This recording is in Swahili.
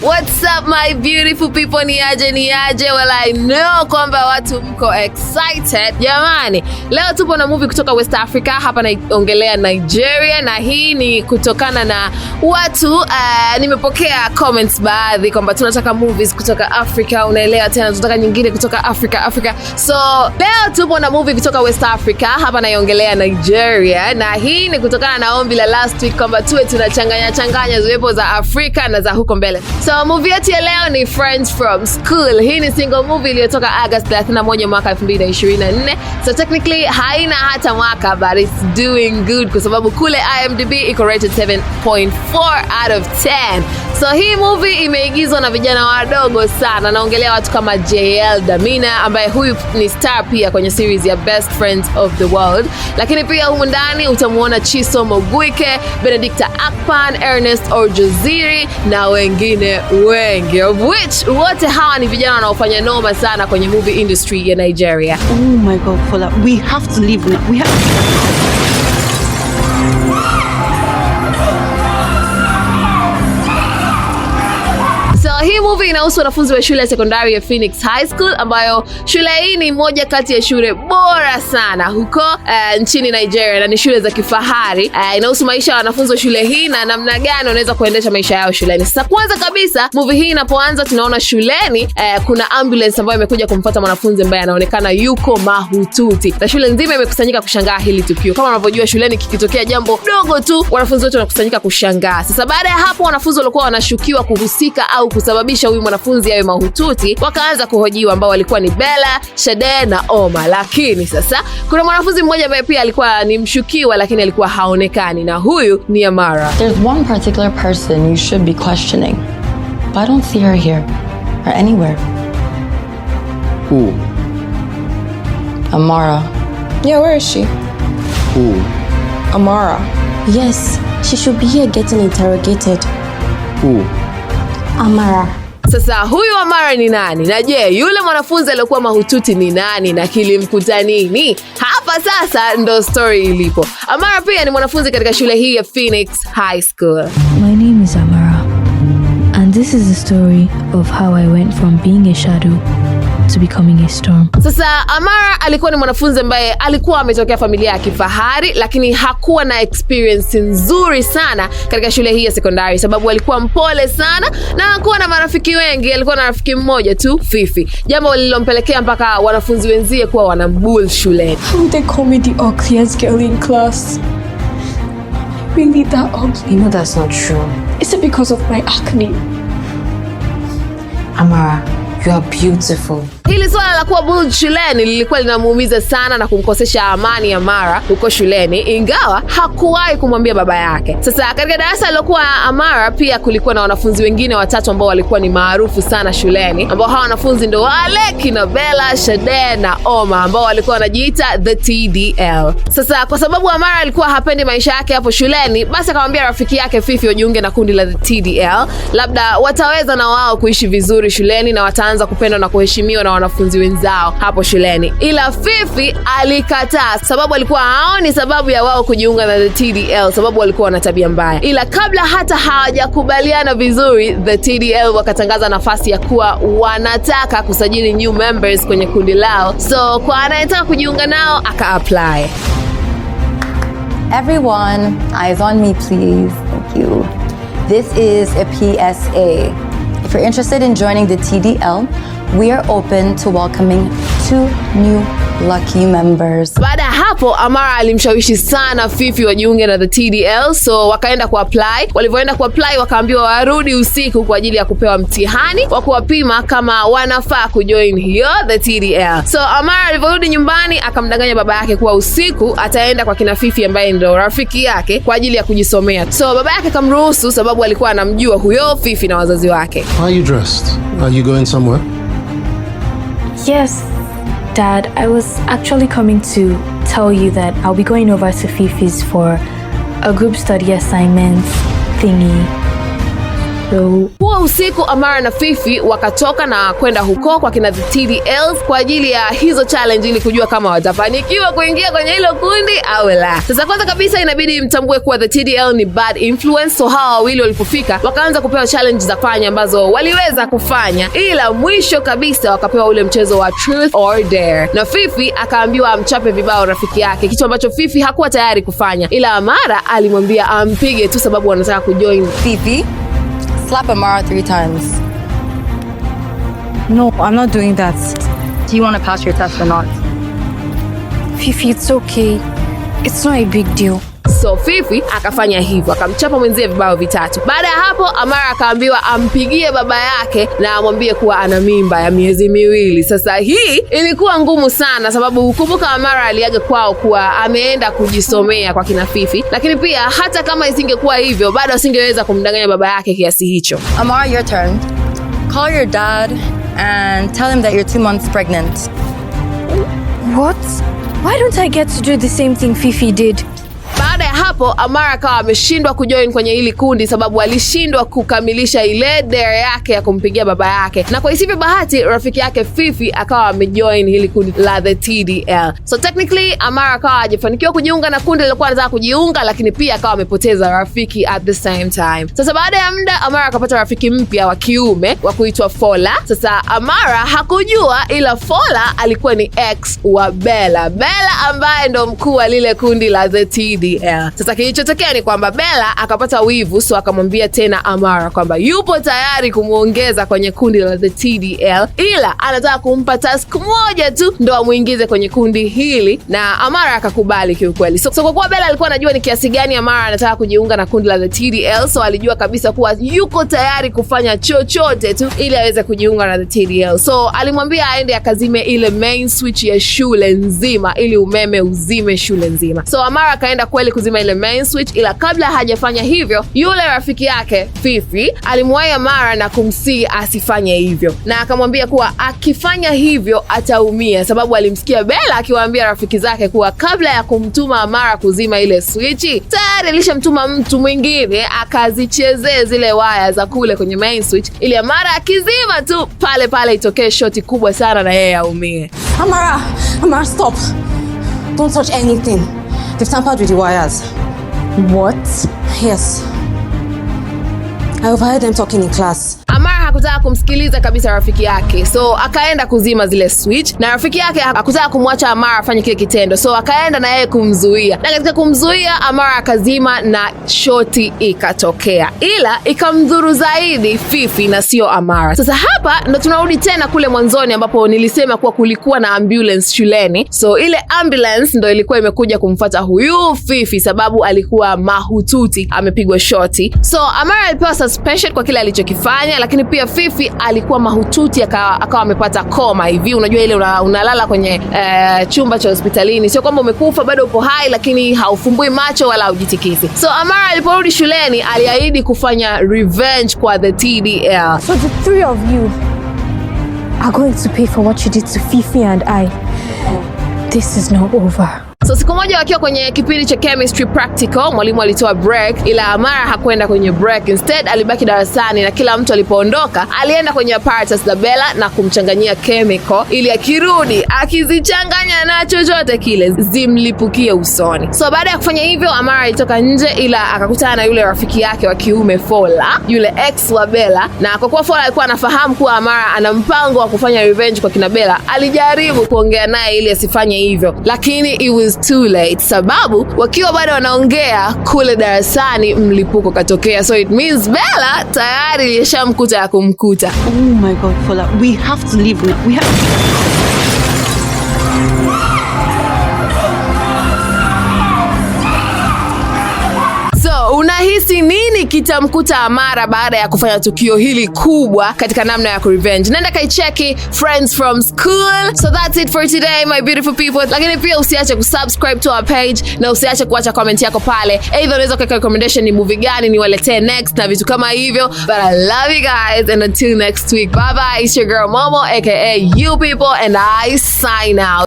What's up my beautiful people, ni aje ni aje? Well, I know kwamba watu mko excited jamani. Leo tupo na movie kutoka West Africa, hapa naongelea Nigeria, na hii ni kutokana na watu uh, nimepokea comments baadhi kwamba tunataka movies kutoka Africa, unaelewa tena, tunataka nyingine kutoka Africa Africa. So leo tupo na movie kutoka West Africa, hapa naiongelea Nigeria, na hii ni kutokana na ombi la last week kwamba tuwe tunachanganya changanya ziwepo za Afrika na za huko mbele. So movie yetu ya leo ni Friends from School. Hii ni single movie iliyotoka August 31 mwaka 2024. So technically haina hata mwaka but it's doing good kwa sababu kule IMDb iko rated 7.4 out of 10. So hii movie imeigizwa na vijana wadogo sana, naongelea watu kama JL Damina ambaye huyu ni star pia kwenye series ya Best Friends of the World, lakini pia humu ndani utamuona Chiso Mogwike, Benedicta Akpan, Ernest Orjoziri na wengine wengi, of which wote hawa ni vijana wanaofanya noma sana kwenye movie industry ya Nigeria. Oh my God, Fola, we have to leave now. We have to... movie inahusu wanafunzi wa shule ya sekondari ya Phoenix High School ambayo shule hii ni moja kati ya shule bora sana huko uh, nchini Nigeria na ni shule za kifahari. Uh, inahusu maisha ya wanafunzi wa shule hii na namna gani wanaweza kuendesha maisha yao shuleni. Sasa kwanza kabisa movie hii inapoanza tunaona shuleni uh, kuna ambulance ambayo imekuja kumfuata mwanafunzi ambaye anaonekana yuko mahututi na shule nzima imekusanyika kushangaa hili tukio. Kama unavyojua shuleni, kikitokea jambo dogo tu wanafunzi wote wanakusanyika kushangaa. Sasa baada ya hapo, wanafunzi walikuwa wanashukiwa kuhusika au kusababisha kumsababisha huyu mwanafunzi awe mahututi, wakaanza kuhojiwa ambao walikuwa ni Bella, Shade na Oma. Lakini sasa kuna mwanafunzi mmoja ambaye pia alikuwa ni mshukiwa, lakini alikuwa haonekani, na huyu ni Amara. There's one particular person you should be questioning. But I don't see her here or anywhere. Who? Amara. Yeah, where is she? Who? Amara. Yes, she should be here getting interrogated. Who? Amara. Sasa huyu amara ni nani? Na je, yule mwanafunzi aliyokuwa mahututi ni nani na kilimkuta nini? Hapa sasa ndo stori ilipo. Amara pia ni mwanafunzi katika shule hii ya Phoenix High School. My name is Amara and this is the story of how I went from being a shadow to becoming a storm. Sasa Amara alikuwa ni mwanafunzi ambaye alikuwa ametokea familia ya kifahari, lakini hakuwa na experience nzuri sana katika shule hii ya sekondari, sababu alikuwa mpole sana na hakuwa na marafiki wengi. Alikuwa na rafiki mmoja tu, Fifi, jambo lililompelekea mpaka wanafunzi wenzie kuwa wanambul shuleni. Amara You are beautiful. Hili swala la kuwa bullied shuleni lilikuwa linamuumiza sana na kumkosesha amani Amara huko shuleni, ingawa hakuwahi kumwambia baba yake. Sasa katika darasa lilokuwa Amara pia kulikuwa na wanafunzi wengine watatu ambao walikuwa ni maarufu sana shuleni, ambao hawa wanafunzi ndo wale kina Bella, Shade na Oma ambao walikuwa wanajiita the TDL. Sasa kwa sababu Amara alikuwa hapendi maisha yake hapo shuleni, basi akamwambia rafiki yake Fifi wajiunge na kundi la the TDL, labda wataweza na wao kuishi vizuri shuleni na wataanza kupendwa na kuheshimiwa na wanafunzi wenzao hapo shuleni, ila Fifi alikataa, sababu alikuwa haoni sababu ya wao kujiunga na the TDL, sababu walikuwa na tabia mbaya. Ila kabla hata hawajakubaliana vizuri, the TDL wakatangaza nafasi ya kuwa wanataka kusajili new members kwenye kundi lao, so kwa anayetaka kujiunga nao aka apply. Everyone, eyes on me please. Thank you. This is a PSA. you're interested in joining the TDL, we are open to welcoming two new lucky members. Baada ya hapo, Amara alimshawishi sana Fifi wajiunge na the TDL, so wakaenda kuapply. Walivyoenda kuapply, wakaambiwa warudi usiku kwa ajili ya kupewa mtihani wa kuwapima kama wanafaa kujoin hiyo the TDL. So Amara alivyorudi nyumbani, akamdanganya baba yake kuwa usiku ataenda kwa kina Fifi ambaye ndio rafiki yake kwa ajili ya kujisomea. So baba yake akamruhusu, sababu alikuwa anamjua huyo Fifi na wazazi wake. are you dressed? Are you going somewhere? Yes. Dad, I was actually coming to tell you that I'll be going over to Fifi's for a group study assignment thingy Huo usiku Amara na Fifi wakatoka na kwenda huko kwa kina TDLs kwa ajili ya hizo challenge ili kujua kama watafanikiwa kuingia kwenye hilo kundi au la. Sasa kwanza kabisa inabidi mtambue kuwa the TDL ni bad influence, so hawa wawili walipofika wakaanza kupewa challenge za kufanya ambazo waliweza kufanya, ila mwisho kabisa wakapewa ule mchezo wa truth or dare, na Fifi akaambiwa amchape vibao rafiki yake, kitu ambacho Fifi hakuwa tayari kufanya, ila Amara alimwambia ampige tu sababu wanataka kujoin Fifi slap Amara three times. No, I'm not doing that. Do you want to pass your test or not? Fifi, it's okay. It's not a big deal. So Fifi akafanya hivyo, akamchapa mwenzie vibao vitatu. Baada ya hapo, Amara akaambiwa ampigie baba yake na amwambie kuwa ana mimba ya miezi miwili. Sasa hii ilikuwa ngumu sana, sababu kumbuka, Amara aliaga kwao kuwa ameenda kujisomea kwa kina Fifi, lakini pia hata kama isingekuwa hivyo, bado asingeweza kumdanganya baba yake kiasi hicho. Amara, your turn. Call your dad and tell him that you're two months pregnant. What? Why don't I get to do the same thing Fifi did? hapo Amara akawa ameshindwa kujoin kwenye hili kundi sababu alishindwa kukamilisha ile dare yake ya kumpigia baba yake, na kwa isivyo bahati rafiki yake Fifi akawa amejoin hili kundi la the TDL. So technically Amara akawa hajafanikiwa kujiunga na kundi lilokuwa anataka kujiunga, lakini pia akawa amepoteza rafiki at the same time. Sasa baada ya muda Amara akapata rafiki mpya wa kiume wa kuitwa Fola. Sasa Amara hakujua, ila Fola alikuwa ni ex wa Bella, Bella ambaye ndo mkuu wa lile kundi la the TDL. Sasa sasa kilichotokea ni kwamba bela akapata wivu, so akamwambia tena Amara kwamba yupo tayari kumwongeza kwenye kundi la the TDL, ila anataka kumpa task moja tu ndo amwingize kwenye kundi hili, na Amara akakubali kiukweli. So, so kwa kuwa bela alikuwa anajua ni kiasi gani Amara anataka kujiunga na kundi la the TDL, so alijua kabisa kuwa yuko tayari kufanya chochote tu ili aweze kujiunga na the TDL. So alimwambia aende akazime ile main switch ya shule nzima ili umeme uzime shule nzima. So Amara akaenda kweli kuzima ile switch, ila kabla hajafanya hivyo, yule rafiki yake Fifi alimwaya mara na kumsii asifanye hivyo, na akamwambia kuwa akifanya hivyo ataumia, sababu alimsikia Bella akiwaambia rafiki zake kuwa kabla ya kumtuma Amara kuzima ile swichi tayari alishamtuma mtu mwingine akazichezee zile waya za kule kwenye main switch, ili Amara akizima tu pale pale itokee shoti kubwa sana na yeye aumie. Amara, Amara, stop. Don't touch anything. They've tampered with the wires. What? Yes. I overheard them talking in class. Am hakutaka kumsikiliza kabisa rafiki yake, so akaenda kuzima zile switch, na rafiki yake hakutaka kumwacha Amara afanye kile kitendo, so akaenda na yeye kumzuia, na katika kumzuia Amara akazima na shoti ikatokea, ila ikamdhuru zaidi Fifi na sio Amara. Sasa hapa ndo tunarudi tena kule mwanzoni ambapo nilisema kuwa kulikuwa na ambulance shuleni, so ile ambulance ndo ilikuwa imekuja kumfata huyu Fifi sababu alikuwa mahututi, amepigwa shoti. So Amara alipewa suspension kwa kile alichokifanya, lakini pia Fifi alikuwa mahututi akawa amepata koma hivi, unajua ile unalala kwenye uh, chumba cha hospitalini, sio kwamba umekufa, bado upo hai, lakini haufumbui macho wala haujitikisi. So Amara aliporudi shuleni aliahidi kufanya revenge kwa the TDL. So the three of you are going to pay for what you did to Fifi and I. This is not over siku moja wakiwa kwenye kipindi cha chemistry practical, mwalimu alitoa break, ila Amara hakwenda kwenye break. Instead alibaki darasani na kila mtu alipoondoka alienda kwenye apparatus za Bella na kumchanganyia chemical ili akirudi akizichanganya na chochote kile zimlipukie usoni. So baada ya kufanya hivyo, Amara alitoka nje, ila akakutana na yule rafiki yake wa kiume Fola, yule ex wa Bella, na kwa kuwa Fola alikuwa anafahamu kuwa Amara ana mpango wa kufanya revenge kwa kina Bella, alijaribu kuongea naye ili asifanye hivyo, lakini it was too late, sababu wakiwa bado wanaongea kule darasani mlipuko katokea, so it means Bella tayari ilishamkuta ya kumkuta. Oh my God, Fola, we have to leave now. We have to... Basi nini kitamkuta Amara baada ya kufanya tukio hili kubwa katika namna ya kurevenge? naenda kaicheki Friends from School. So that's it for today my beautiful people, lakini pia usiache kusubscribe to our page na usiache kuacha comment yako pale, Either unaweza kuweka recommendation ni movie gani niwaletee next na vitu kama hivyo. But I love you guys and until next week, bye bye. It's your girl Momo aka you people and I sign out.